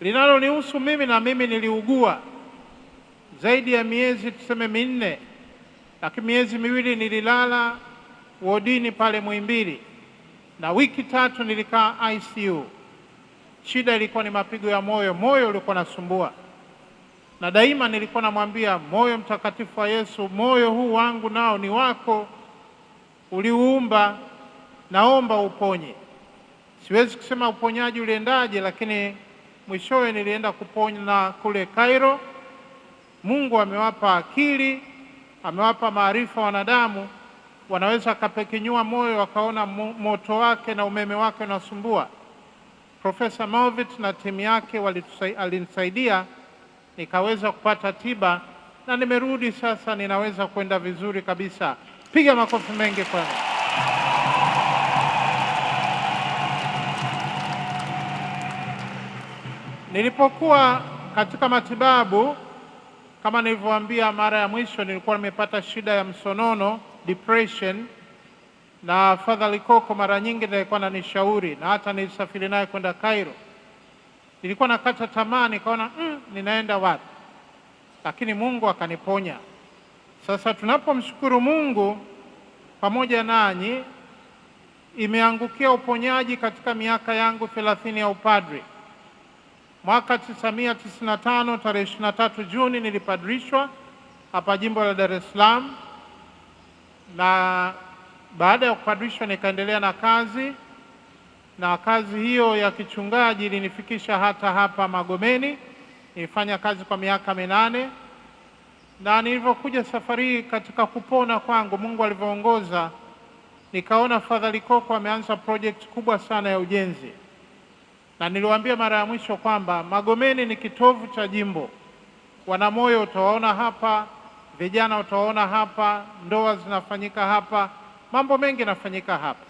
linalonihusu mimi, na mimi niliugua zaidi ya miezi tuseme minne, lakini miezi miwili nililala wodini pale Muhimbili na wiki tatu nilikaa ICU. Shida ilikuwa ni mapigo ya moyo, moyo ulikuwa nasumbua, na daima nilikuwa namwambia moyo mtakatifu wa Yesu, moyo huu wangu nao ni wako, uliuumba, naomba uponye. Siwezi kusema uponyaji uliendaje, lakini Mwishowe nilienda kupona kule Cairo. Mungu amewapa akili, amewapa maarifa wanadamu, wanaweza kapekinyua moyo wakaona moto wake na umeme wake unasumbua. Profesa Malvit na timu yake alinisaidia nikaweza kupata tiba na nimerudi sasa, ninaweza kwenda vizuri kabisa. Piga makofi mengi kwanza. Nilipokuwa katika matibabu kama nilivyoambia mara ya mwisho, nilikuwa nimepata shida ya msonono depression, na Fadhali Koko mara nyingi nilikuwa nanishauri, na hata nilisafiri naye kwenda Cairo. Nilikuwa nakata tamaa, nikaona mm, ninaenda wapi? Lakini Mungu akaniponya. Sasa tunapomshukuru Mungu pamoja nanyi, imeangukia uponyaji katika miaka yangu thelathini ya upadri. Mwaka 1995 tarehe 23 Juni nilipadrishwa hapa jimbo la Dar es Salaam, na baada ya kupadrishwa nikaendelea na kazi, na kazi hiyo ya kichungaji ilinifikisha hata hapa Magomeni. Nilifanya kazi kwa miaka minane, na nilivyokuja safari hii katika kupona kwangu, Mungu alivyoongoza, nikaona Fadhali koko ameanza project kubwa sana ya ujenzi na niliwaambia mara ya mwisho kwamba Magomeni ni kitovu cha jimbo. Wanamoyo utawaona hapa, vijana utawaona hapa, ndoa zinafanyika hapa, mambo mengi yanafanyika hapa.